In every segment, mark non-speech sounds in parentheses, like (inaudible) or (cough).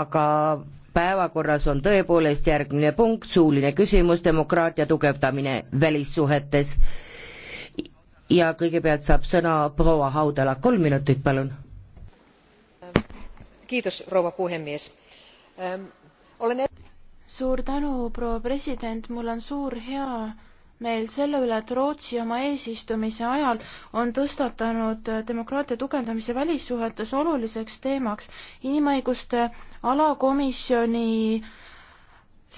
aga päevakorras on tõepoolest järgmine punkt, suuline küsimus, demokraatia tugevdamine välissuhetes. ja kõigepealt saab sõna proua Haudala, kolm minutit, palun. kiitos, proua puhemees ähm,. olen suur tänu, proua president, mul on suur hea meil selle üle, et Rootsi oma eesistumise ajal on tõstatanud demokraatia tugevdamise välissuhetes oluliseks teemaks. inimõiguste alakomisjoni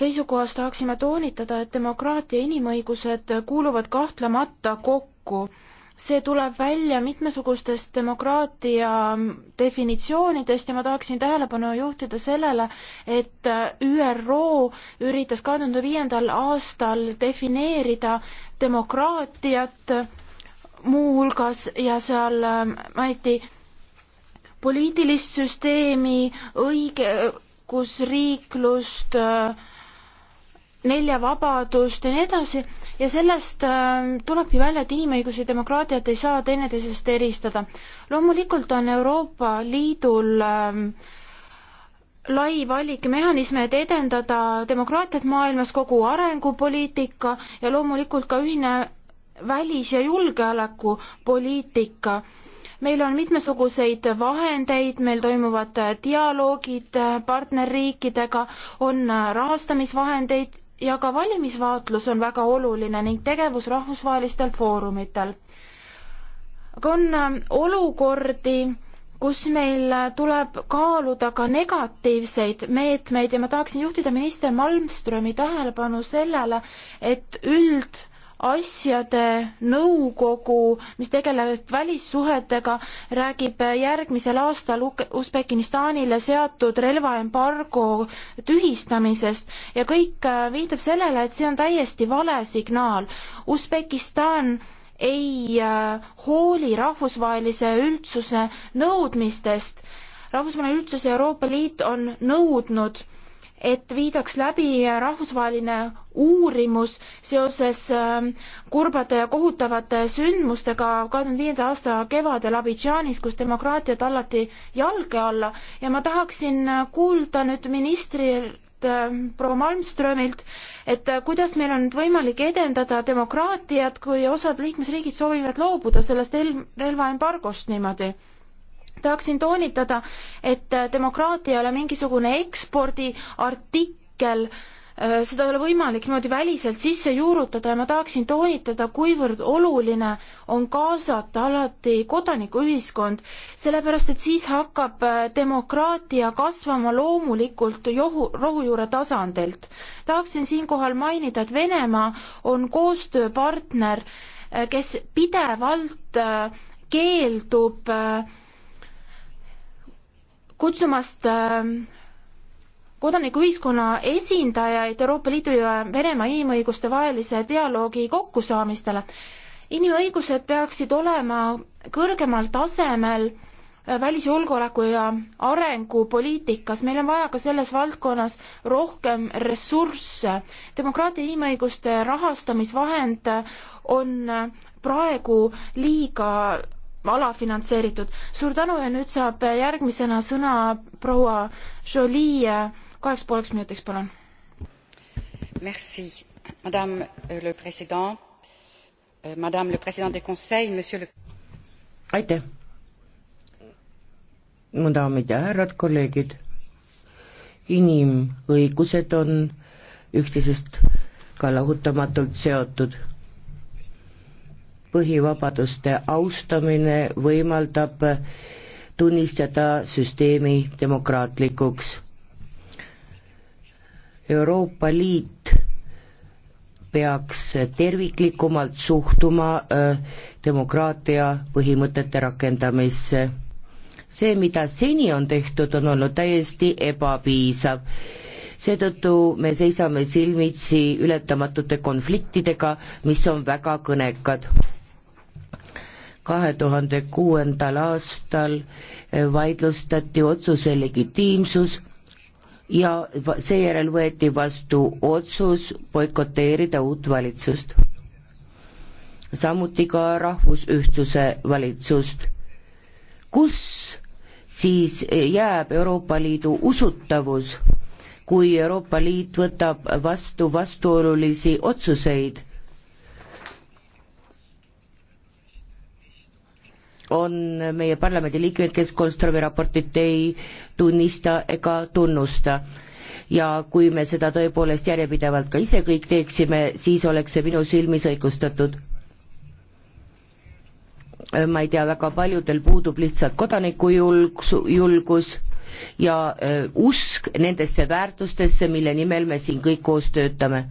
seisukohast tahaksime toonitada, et demokraatia ja inimõigused kuuluvad kahtlemata kokku see tuleb välja mitmesugustest demokraatia definitsioonidest ja ma tahaksin tähelepanu juhtida sellele, et ÜRO üritas kahe tuhande viiendal aastal defineerida demokraatiat muuhulgas ja seal ähm, mainiti poliitilist süsteemi, õigusriiklust, äh, nelja vabadust ja nii edasi ja sellest ähm, tulebki välja, et inimõigusi ja demokraatiat ei saa teineteisest eristada. loomulikult on Euroopa Liidul ähm, lai valik mehhanisme, et edendada demokraatiat maailmas, kogu arengupoliitika ja loomulikult ka ühine välis- ja julgeolekupoliitika. meil on mitmesuguseid vahendeid, meil toimuvad dialoogid äh, partnerriikidega, on äh, rahastamisvahendeid ja ka valimisvaatlus on väga oluline ning tegevus rahvusvahelistel foorumitel. aga on ähm, olukordi, kus meil äh, tuleb kaaluda ka negatiivseid meetmeid ja ma tahaksin juhtida minister Malmströmi tähelepanu sellele, et üld- asjade nõukogu, mis tegeleb välissuhetega, räägib järgmisel aastal Usbekistanile seatud relvaembargo tühistamisest ja kõik äh, viitab sellele, et see on täiesti vale signaal. Usbekistan ei äh, hooli rahvusvahelise üldsuse nõudmistest. rahvusvaheline üldsus ja Euroopa Liit on nõudnud et viidaks läbi rahvusvaheline uurimus seoses ähm, kurbade ja kohutavate sündmustega kahekümne viienda aasta kevadel Abidžaanis, kus demokraatia tallati jalge alla ja ma tahaksin äh, kuulda nüüd ministrilt, ähm, proua Malmströmilt, et äh, kuidas meil on nüüd võimalik edendada demokraatiat, kui osad liikmesriigid soovivad loobuda sellest relvaembargost niimoodi tahaksin toonitada, et äh, demokraatia ei ole mingisugune ekspordiartikkel, äh, seda ei ole võimalik niimoodi väliselt sisse juurutada ja ma tahaksin toonitada, kuivõrd oluline on kaasata alati kodanikuühiskond, sellepärast et siis hakkab äh, demokraatia kasvama loomulikult johu, rohujuure tasandilt. tahaksin siinkohal mainida, et Venemaa on koostööpartner, kes pidevalt keeldub äh, kutsumast ähm, kodanikuühiskonna esindajaid Euroopa Liidu ja Venemaa inimõiguste vahelise dialoogi kokkusaamistele. inimõigused peaksid olema kõrgemal tasemel äh, välisjulgeoleku ja arengupoliitikas, meil on vaja ka selles valdkonnas rohkem ressursse. demokraatia inimõiguste rahastamisvahend on äh, praegu liiga alafinantseeritud. suur tänu ja nüüd saab järgmisena sõna proua Jolie, kaheks pooleks minutiks, palun. Merci, madame le president, euh, madame le president du conseil, monsieur le. aitäh. mu daamid ja härrad, kolleegid. inimõigused on üksteisest ka lahutamatult seotud põhivabaduste austamine võimaldab tunnistada süsteemi demokraatlikuks. Euroopa Liit peaks terviklikumalt suhtuma äh, demokraatia põhimõtete rakendamisse. see, mida seni on tehtud, on olnud täiesti ebapiisav. seetõttu me seisame silmitsi ületamatute konfliktidega, mis on väga kõnekad kahe tuhande kuuendal aastal eh, vaidlustati otsuse legitiimsus ja seejärel võeti vastu otsus boikoteerida uut valitsust. samuti ka rahvusühtsuse valitsust, kus siis eh, jääb Euroopa Liidu usutavus, kui Euroopa Liit võtab vastu vastuolulisi otsuseid on meie parlamendiliikmed, kes Kolstromi raportit ei tunnista ega tunnusta. ja kui me seda tõepoolest järjepidevalt ka ise kõik teeksime, siis oleks see minu silmis õigustatud. ma ei tea, väga paljudel puudub lihtsalt kodanikujulg, julgus ja äh, usk nendesse väärtustesse, mille nimel me siin kõik koos töötame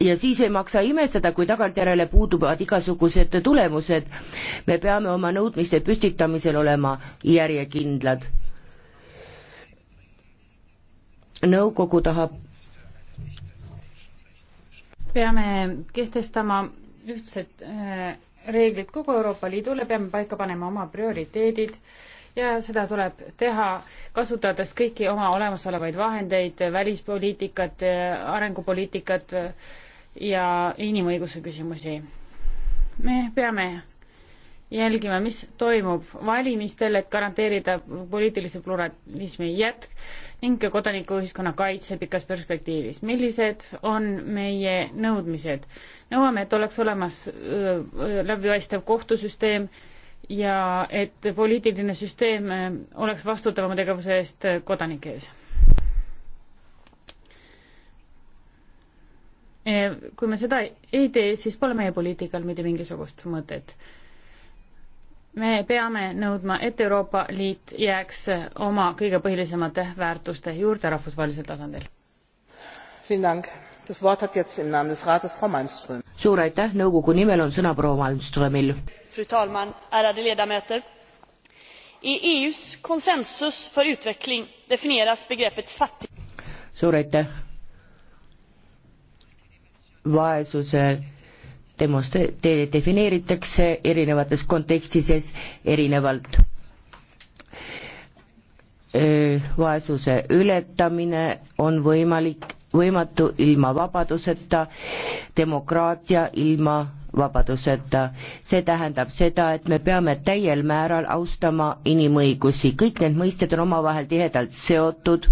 ja siis ei maksa imestada, kui tagantjärele puuduvad igasugused tulemused. me peame oma nõudmiste püstitamisel olema järjekindlad. nõukogu tahab peame kehtestama ühtsed äh, reeglid kogu Euroopa Liidule, peame paika panema oma prioriteedid ja seda tuleb teha, kasutades kõiki oma olemasolevaid vahendeid, välispoliitikat, äh, arengupoliitikat, ja inimõiguse küsimusi. me peame jälgima, mis toimub valimistel, et garanteerida poliitilise pluralismi jätk ning kodanikuühiskonna kaitse pikas perspektiivis. millised on meie nõudmised? nõuame, et oleks olemas läbipaistev kohtusüsteem ja et poliitiline süsteem oleks vastutav oma tegevuse eest kodanike ees Eh, kui me seda ei tee, siis pole meie poliitikal mitte mingisugust mõtet. me peame nõudma, et Euroopa Liit jääks oma kõige põhilisemate väärtuste juurde rahvusvahelisel tasandil. suur aitäh, nõukogu nimel on sõna proua Malmströmil. fru talman, ärade ledamöter. I EUs konsensus för utveckling definieras begreppet fattig suur aitäh, vaesuse demonstre-, defineeritakse erinevates kontekstides erinevalt. vaesuse ületamine on võimalik, võimatu ilma vabaduseta, demokraatia ilma vabaduseta. see tähendab seda, et me peame täiel määral austama inimõigusi, kõik need mõisted on omavahel tihedalt seotud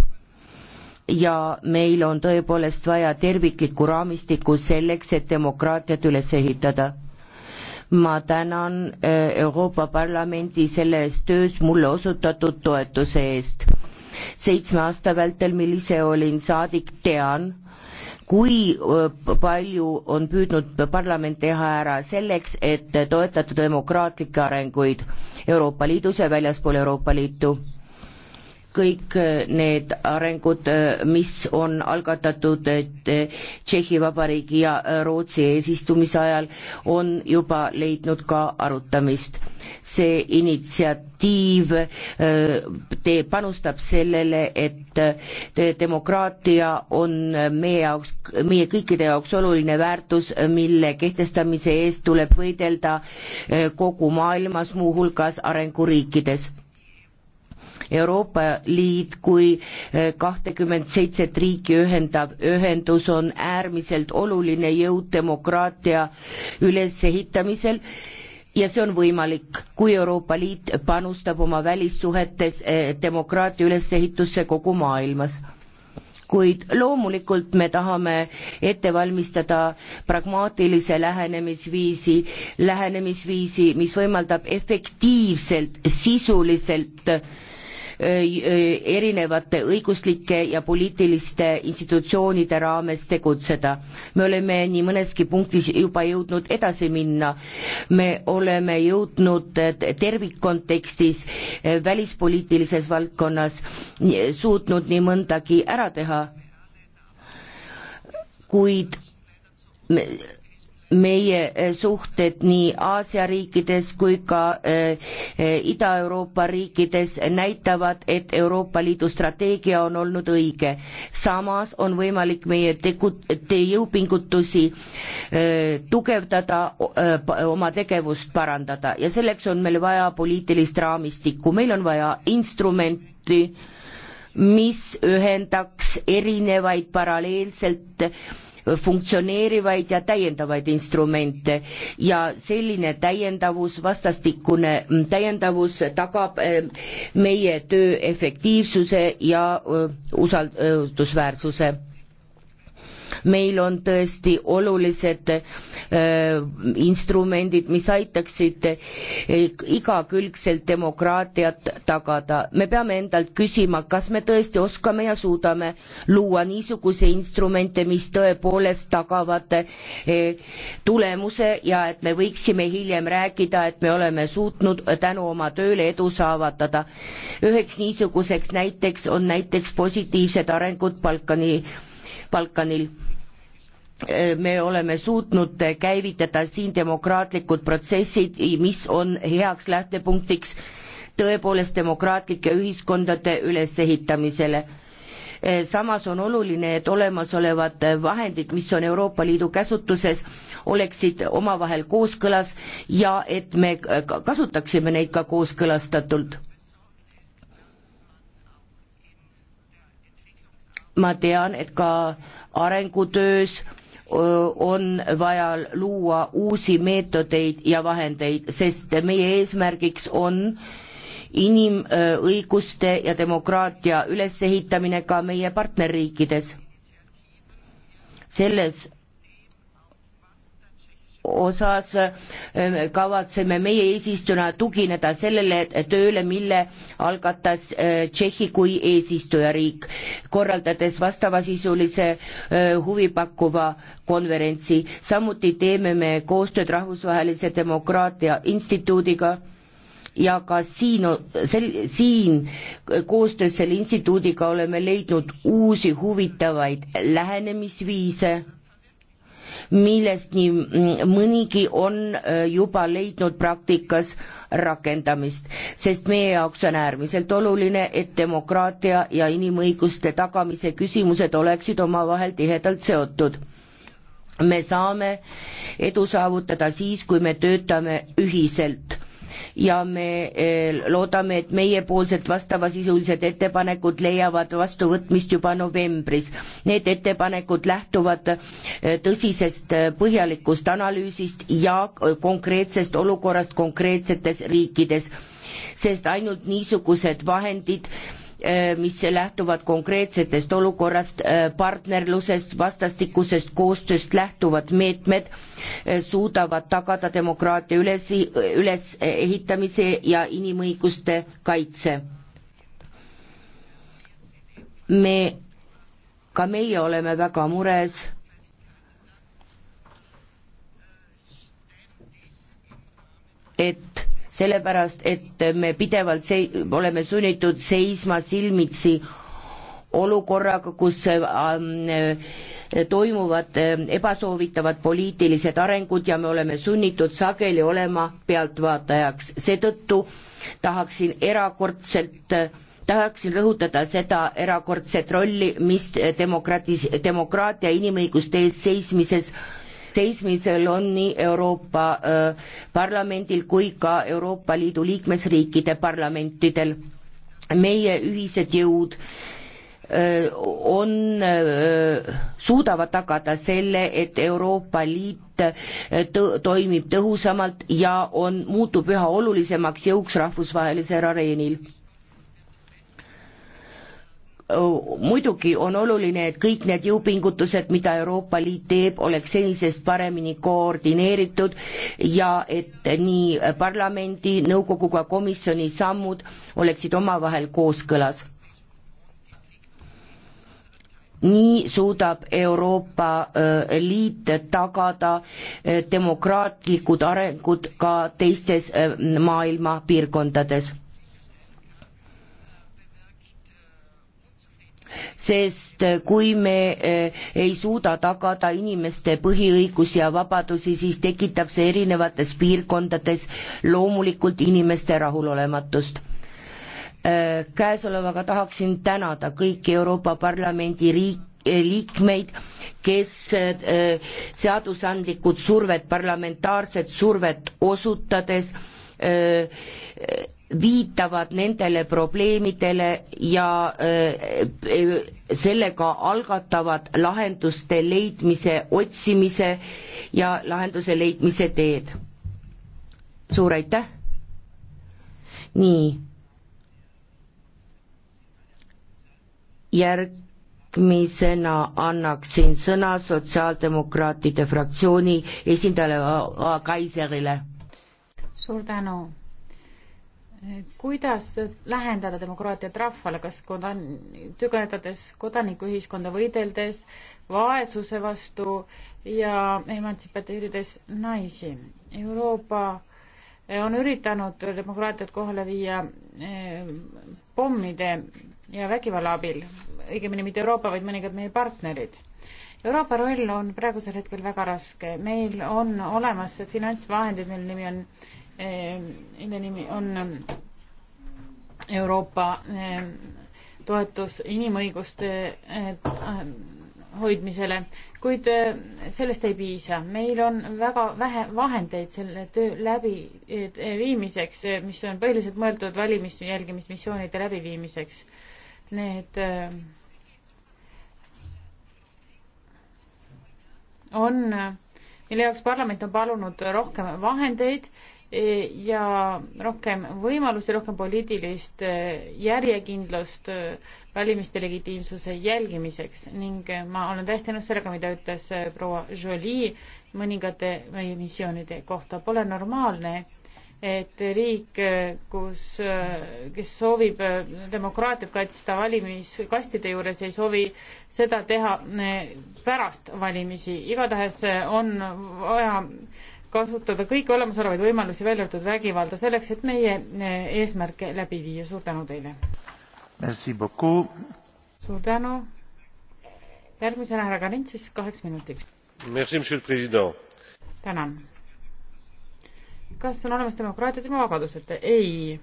ja meil on tõepoolest vaja terviklikku raamistikku selleks, et demokraatiat üles ehitada. ma tänan äh, Euroopa Parlamendi selles töös mulle osutatud toetuse eest. seitsme aasta vältel, mil ise olin saadik, tean, kui äh, palju on püüdnud parlament teha ära selleks, et toetada demokraatlikke arenguid Euroopa Liidus ja väljaspool Euroopa Liitu kõik äh, need arengud, äh, mis on algatatud äh, Tšehhi Vabariigi ja Rootsi eesistumise ajal, on juba leidnud ka arutamist. see initsiatiiv tee, panustab sellele, et demokraatia on meie jaoks, meie kõikide jaoks oluline väärtus, mille kehtestamise eest tuleb võidelda kogu maailmas, muuhulgas arenguriikides Euroopa Liit kui eh, kahtekümmet seitset riiki ühendav ühendus on äärmiselt oluline jõud demokraatia ülesehitamisel ja see on võimalik, kui Euroopa Liit panustab oma välissuhetes eh, demokraatia ülesehitusse kogu maailmas kuid loomulikult me tahame ette valmistada pragmaatilise lähenemisviisi, lähenemisviisi, mis võimaldab efektiivselt, sisuliselt äh, erinevate õiguslike ja poliitiliste institutsioonide raames tegutseda. me oleme nii mõneski punktis juba jõudnud edasi minna, me oleme jõudnud tervikkontekstis eh, välispoliitilises valdkonnas suutnud nii mõndagi ära teha, kuid me meie eh, suhted nii Aasia riikides kui ka eh, eh, Ida-Euroopa riikides näitavad, et Euroopa Liidu strateegia on olnud õige. samas on võimalik meie tegu, jõupingutusi tugevdada, oma tegevust parandada ja selleks on meil vaja poliitilist raamistikku, meil on vaja instrumenti, mis ühendaks erinevaid paralleelselt funktsioneerivaid ja täiendavaid instrumente ja selline täiendavus, vastastikune mm, täiendavus tagab eh, meie töö efektiivsuse ja eh, eh, usaldusväärsuse. meil on tõesti olulised instrumendid, mis aitaksid eh, igakülgselt demokraatiat tagada. me peame endalt küsima, kas me tõesti oskame ja suudame luua niisuguseid instrumente, mis tõepoolest tagavad eh, tulemuse ja et me võiksime hiljem rääkida, et me oleme suutnud tänu oma tööle edu saavutada. üheks niisuguseks näiteks on näiteks positiivsed arengud Balkani, Balkanil me oleme suutnud käivitada siin demokraatlikud protsessid, mis on heaks lähtepunktiks tõepoolest demokraatlike ühiskondade ülesehitamisele. samas on oluline, et olemasolevad vahendid, mis on Euroopa Liidu käsutuses, oleksid omavahel kooskõlas ja et me kasutaksime neid ka kooskõlastatult ma tean, et ka arengutöös on vaja luua uusi meetodeid ja vahendeid, sest meie eesmärgiks on inimõiguste ja demokraatia ülesehitamine ka meie partnerriikides. selles osas äh, kavatseme meie eesistujana tugineda sellele äh, tööle, mille algatas äh, Tšehhi kui eesistujariik, korraldades vastavasisulise huvipakkuva konverentsi. samuti teeme me koostööd Rahvusvahelise Demokraatia Instituudiga ja ka siin, sel-, siin koostöös selle instituudiga oleme leidnud uusi huvitavaid lähenemisviise millest nii mm, mõnigi on äh, juba leidnud praktikas rakendamist, sest meie jaoks on äärmiselt oluline, et demokraatia ja inimõiguste tagamise küsimused oleksid omavahel tihedalt seotud me saame edu saavutada siis, kui me töötame ühiselt ja me eh, loodame, et meiepoolsed vastavasisulised ettepanekud leiavad vastuvõtmist juba novembris. Need ettepanekud lähtuvad eh, tõsisest eh, põhjalikust analüüsist ja konkreetsest olukorrast konkreetsetes riikides, sest ainult niisugused vahendid Äh, mis lähtuvad konkreetsetest olukorrast, äh, partnerlusest, vastastikusest koostööst lähtuvad meetmed äh, suudavad tagada demokraatia üles, ülesehitamise ja inimõiguste kaitse. me, ka meie oleme väga mures et sellepärast et me pidevalt sei-, oleme sunnitud seisma silmitsi olukorraga, kus ähm, toimuvad ähm, ebasoovitavad poliitilised arengud ja me oleme sunnitud sageli olema pealtvaatajaks, seetõttu tahaksin erakordselt äh, tahaksin rõhutada seda erakordset rolli, mis demokratis-, demokraatia inimõiguste eest seismises äh, seismisel on nii Euroopa äh, Parlamendil kui ka Euroopa Liidu liikmesriikide parlamentidel. meie ühised jõud äh, on, äh, suudavad tagada selle, et Euroopa Liit tõ-, toimib tõhusamalt ja on, muutub üha olulisemaks jõuks rahvusvahelisel areenil muidugi on oluline, et kõik need jõupingutused, mida Euroopa Liit teeb, oleks senisest paremini koordineeritud ja et nii parlamendi, nõukoguga komisjoni sammud oleksid omavahel kooskõlas. nii suudab Euroopa äh, Liit tagada äh, demokraatlikud arengud ka teistes äh, maailma piirkondades sest kui me eh, ei suuda tagada inimeste põhiõigusi ja vabadusi, siis tekitab see erinevates piirkondades loomulikult inimeste rahulolematust eh, käesolevaga tahaksin tänada kõiki Euroopa Parlamendi riik, liikmeid, kes eh, seadusandlikud survet, parlamentaarset survet osutades viitavad nendele probleemidele ja sellega algatavad lahenduste leidmise otsimise ja lahenduse leidmise teed. suur aitäh! nii. järgmisena annaksin sõna sotsiaaldemokraatide fraktsiooni esindajale äh, äh, Kaiserile suur tänu. kuidas lähendada demokraatiat rahvale, kas kodan-, tugevdades kodanikuühiskonda, võideldes vaesuse vastu ja emantsipateerides naisi? Euroopa on üritanud demokraatiat kohale viia eh, pommide ja vägivalla abil, õigemini mitte Euroopa, vaid mõningad meie partnerid. Euroopa roll on praegusel hetkel väga raske, meil on olemas finantsvahendid, mille nimi on Ehm, mille nimi on ehm, Euroopa ehm, toetus inimõiguste eh, hoidmisele, kuid eh, sellest ei piisa. meil on väga vähe vahendeid selle töö läbiviimiseks, eh, mis on põhiliselt mõeldud valimis- jälgimismissioonide läbiviimiseks. Need on, mille jaoks parlament on palunud rohkem vahendeid ja rohkem võimalusi, rohkem poliitilist eh, järjekindlust eh, valimiste legitiimsuse jälgimiseks ning eh, ma olen täiesti nõus sellega, mida ütles proua Jolie mõningate meie missioonide kohta. Pole normaalne, et riik, kus, kes soovib demokraatiat kaitsta valimiskastide juures, ei soovi seda teha pärast valimisi. igatahes on vaja kasutada kõiki olemasolevaid võimalusi, välja arvatud vägivalda, selleks, et meie eh, eesmärke läbi viia. suur tänu teile! suur tänu! järgmisena härra Karin siis kaheks minutiks. tänan! kas on olemas demokraatiat ilma vabaduseta? ei.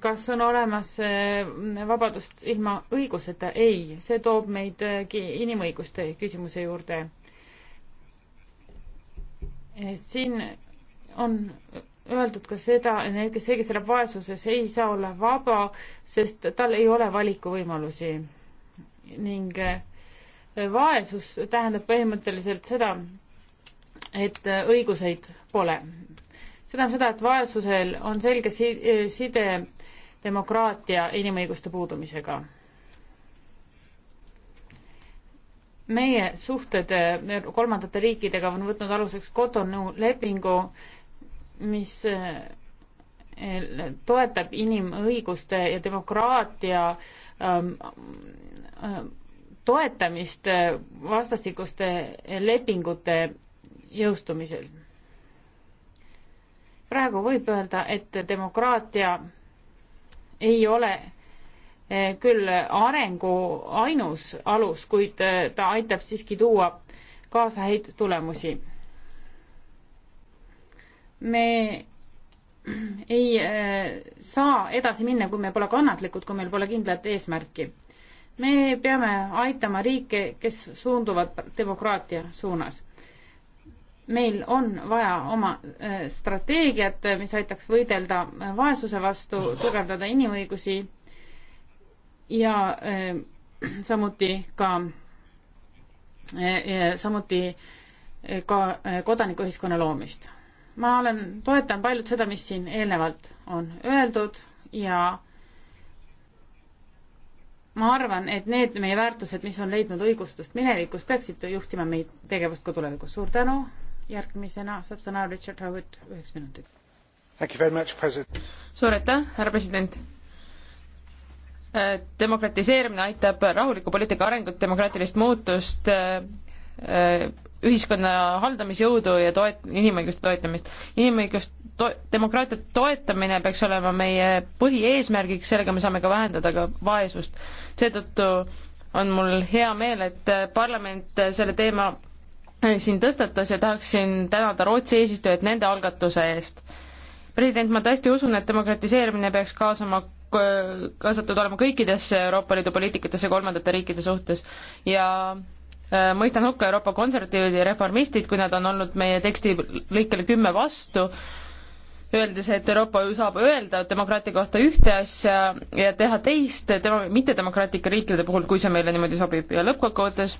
kas on olemas eh, vabadust ilma õiguseta? ei. see toob meid eh, inimõiguste küsimuse juurde Eh, siin on öeldud ka seda, et need, kes, see, kes elab vaesuses, ei saa olla vaba, sest tal ei ole valikuvõimalusi. ning eh, vaesus tähendab põhimõtteliselt seda, et eh, õiguseid pole. see tähendab seda, et vaesusel on selge si-, side demokraatia inimõiguste puudumisega meie suhted eh, kolmandate riikidega on võtnud aluseks Cotonou lepingu, mis eh, toetab inimõiguste ja demokraatia ähm, ähm, toetamist äh, vastastikuste lepingute jõustumisel. praegu võib öelda, et demokraatia ei ole Eh, küll arengu ainus alus, kuid eh, ta aitab siiski tuua kaasa häid tulemusi. me (clears throat) ei eh, saa edasi minna, kui me pole kannatlikud, kui meil pole kindlat eesmärki. me peame aitama riike, kes suunduvad demokraatia suunas. meil on vaja oma strateegiat, mis aitaks võidelda vaesuse vastu, tugevdada inimõigusi Ähm, äh, ja samuti äh, ka, samuti äh, ka kodanikuühiskonna loomist. ma olen, toetan paljud seda, mis siin eelnevalt on öeldud ja ma arvan, et need meie väärtused, mis on leidnud õigustust minevikus, peaksid juhtima meid tegevust ka tulevikus. suur tänu, järgmisena saab sõna Richard Howard üheks minutiks. suur aitäh, härra president! demokratiseerimine aitab rahulikku poliitika arengut, demokraatilist muutust, äh, äh, ühiskonna haldamisjõudu ja toet-, inimõiguste toetamist. inimõigust to-, demokraatia toetamine peaks olema meie põhieesmärgiks, sellega me saame ka vähendada ka vaesust. seetõttu on mul hea meel, et parlament selle teema äh, siin tõstatas ja tahaksin tänada Rootsi eesistujat nende algatuse eest. president, ma tõesti usun, et demokratiseerimine peaks kaasama kaasatud olema kõikidesse Euroopa Liidu poliitikatesse kolmandate riikide suhtes ja äh, mõistan hukka Euroopa konservatiivid ja reformistid, kui nad on olnud meie teksti lõikele kümme vastu, öeldes, et Euroopa saab öelda demokraatia kohta ühte asja ja teha teist tema, mittedemokraatlike riikide puhul, kui see meile niimoodi sobib ja lõppkokkuvõttes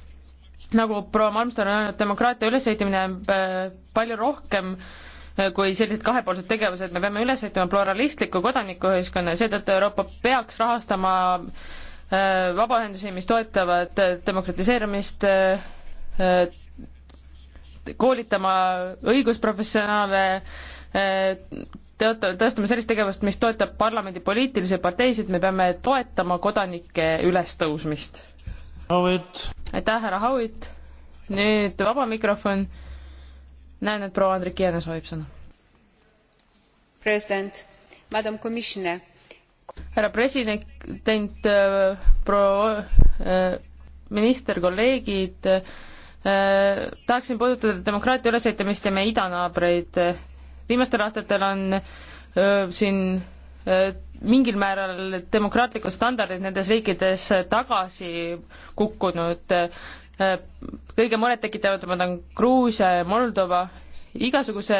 nagu proua Malmström on öelnud, demokraatia ülesehitamine on äh, palju rohkem äh, kui sellised kahepoolsed tegevused, me peame üles ehitama pluralistliku kodanikuühiskonna ja seetõttu Euroopa peaks rahastama äh, vabaühendusi, mis toetavad äh, demokratiseerumist, äh, koolitama õigusprofessionaale, teota-, tõestama sellist tegevust, mis toetab parlamendi poliitilisi parteisid, me peame toetama kodanike ülestõusmist. aitäh, härra Howitt! nüüd vaba mikrofon näen, et proua Andrikiene soovib sõna. president, madam commissioner. härra president, proua äh, minister, kolleegid, äh, tahaksin puudutada demokraatia ülesehitamist ja meie idanaabreid. viimastel aastatel on äh, siin mingil määral demokraatlikud standardid nendes riikides tagasi kukkunud. Äh, kõige murettekitavamad on Gruusia ja Moldova, igasuguse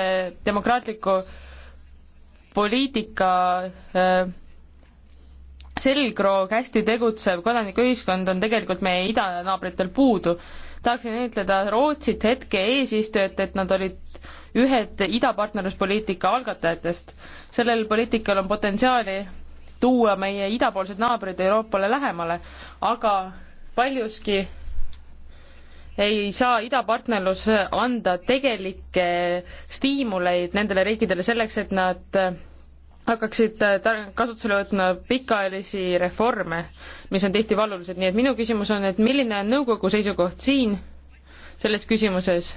demokraatliku poliitika äh, selgroog, hästi tegutsev kodanikuühiskond on tegelikult meie idanaabritel puudu. tahaksin ütleda Rootsit hetke eesistujat, et nad olid ühed idapartnerluspoliitika algatajatest. sellel poliitikal on potentsiaali tuua meie idapoolsed naabrid Euroopale lähemale, aga paljuski ei saa idapartnerlus anda tegelikke stiimuleid nendele riikidele selleks, et nad hakkaksid kasutusele võtma pikaajalisi reforme, mis on tihti valulised, nii et minu küsimus on, et milline on nõukogu seisukoht siin selles küsimuses,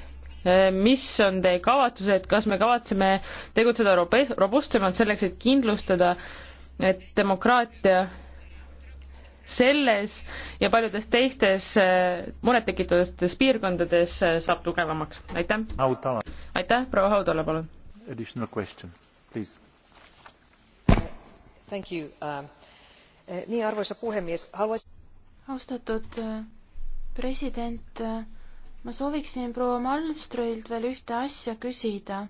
mis on teie kavatsused, kas me kavatseme tegutseda robustsemalt selleks, et kindlustada, et demokraatia selles ja paljudes teistes eh, murettekitavates piirkondades eh, saab tugevamaks. aitäh! aitäh, proua Haudala, palun! Additional question, please. Uh, thank you um,. nii, arvoisa puhemies, haluais-. austatud president, ma sooviksin proua Malmströilt veel ühte asja küsida.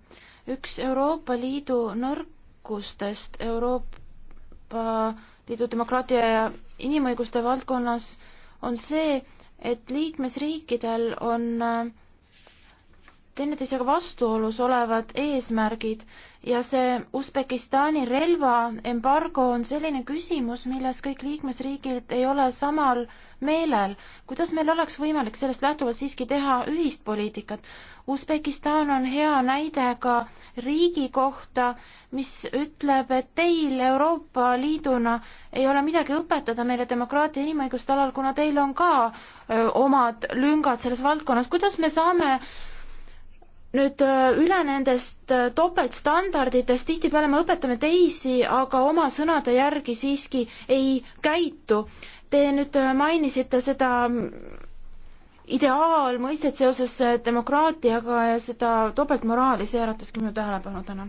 üks Euroopa Liidu nõrkustest Euroopa Liidu demokraatia ja inimõiguste valdkonnas on see, et liikmesriikidel on äh, teineteisega vastuolus olevad eesmärgid ja see Usbekistani relvaembargo on selline küsimus, milles kõik liikmesriigid ei ole samal äh, meelel. kuidas meil oleks võimalik sellest lähtuvalt siiski teha ühist poliitikat? Usbekistan on hea näide ka riigi kohta, mis ütleb, et teil Euroopa Liiduna ei ole midagi õpetada meile demokraatia inimõiguste alal, kuna teil on ka öö, omad lüngad selles valdkonnas. kuidas me saame nüüd üle nendest topeltstandarditest, tihtipeale me õpetame teisi, aga oma sõnade järgi siiski ei käitu. Te nüüd äh, mainisite seda ideaalmõistet seoses äh, demokraatiaga ja seda topeltmoraali, see äratas ka minu tähelepanu täna.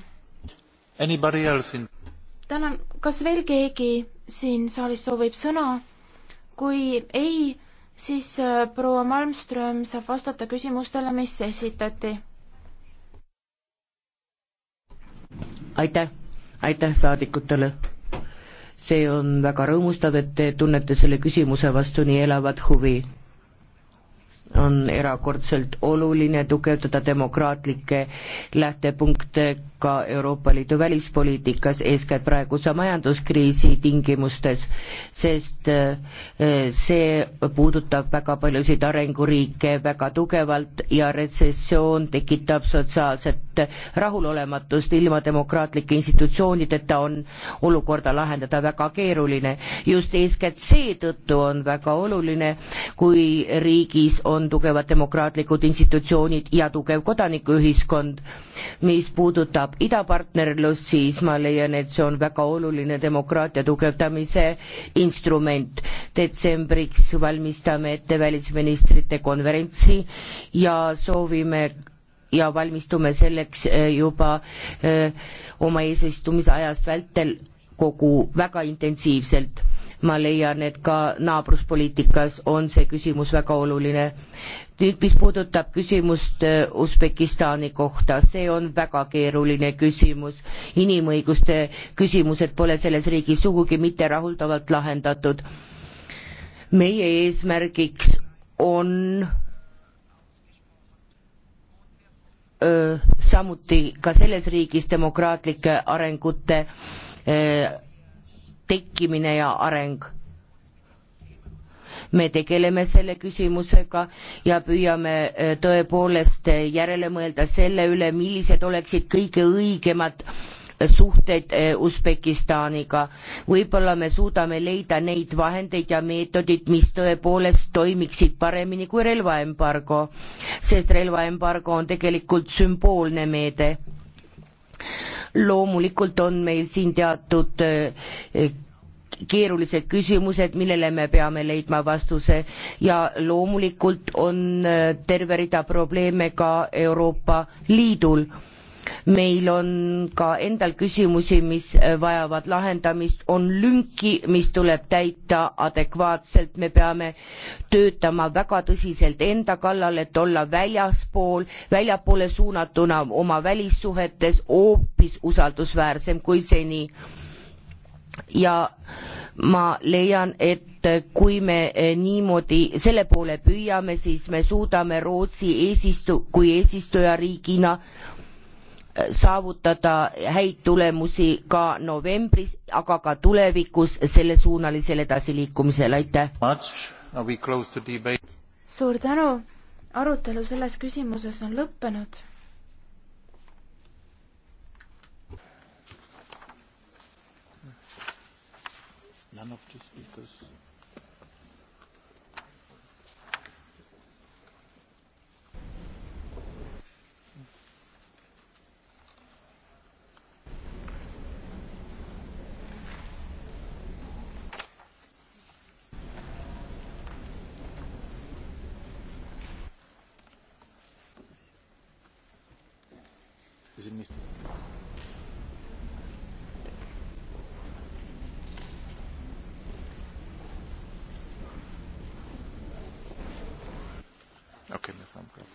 In... tänan, kas veel keegi siin saalis soovib sõna? kui ei, siis äh, proua Malmström saab vastata küsimustele, mis esitati. aitäh, aitäh saadikutele see on väga rõõmustav, et te tunnete selle küsimuse vastu nii elavat huvi on erakordselt oluline tugevdada demokraatlikke lähtepunkte ka Euroopa Liidu välispoliitikas, eeskätt praeguse majanduskriisi tingimustes, sest eh, see puudutab väga paljusid arenguriike väga tugevalt ja retsessioon tekitab sotsiaalset rahulolematust, ilma demokraatlike institutsioonideta on olukorda lahendada väga keeruline. just eeskätt seetõttu on väga oluline, kui riigis on on tugevad demokraatlikud institutsioonid ja tugev kodanikuühiskond. mis puudutab idapartnerlust, siis ma leian, et see on väga oluline demokraatia tugevdamise instrument. detsembriks valmistame ette välisministrite konverentsi ja soovime ja valmistume selleks eh, juba öö, eh, oma eesistumise ajast vältel kogu väga intensiivselt ma leian, et ka naabruspoliitikas on see küsimus väga oluline. nüüd, mis puudutab küsimust äh, Usbekistani kohta, see on väga keeruline küsimus. inimõiguste küsimused pole selles riigis sugugi mitte rahuldavalt lahendatud. meie eesmärgiks on öö, äh, samuti ka selles riigis demokraatlike arengute öö, äh, tekkimine ja areng. me tegeleme selle küsimusega ja püüame äh, tõepoolest äh, järele mõelda selle üle, millised oleksid kõige õigemad äh, suhted Usbekistaniga. võib-olla me suudame leida neid vahendeid ja meetodid, mis tõepoolest toimiksid paremini kui relvaembargo, sest relvaembargo on tegelikult sümboolne meede loomulikult on meil siin teatud eh, eh, keerulised küsimused, millele me peame leidma vastuse ja loomulikult on eh, terve rida probleeme ka Euroopa Liidul meil on ka endal küsimusi, mis vajavad lahendamist, on lünki, mis tuleb täita adekvaatselt, me peame töötama väga tõsiselt enda kallal, et olla väljaspool, väljapoole suunatuna oma välissuhetes hoopis usaldusväärsem kui seni ja ma leian, et kui me niimoodi selle poole püüame, siis me suudame Rootsi eesistu-, kui eesistujariigina äh, saavutada häid tulemusi ka novembris, aga ka tulevikus sellesuunalisel edasiliikumisel, aitäh! suur tänu, arutelu selles küsimuses on lõppenud que sind nicht. Okay, wir fahren kurz.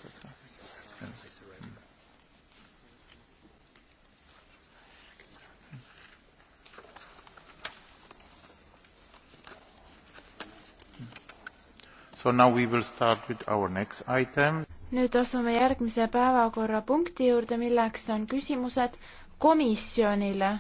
So now we will start with our next item nüüd asume järgmise päevakorrapunkti juurde, milleks on küsimused komisjonile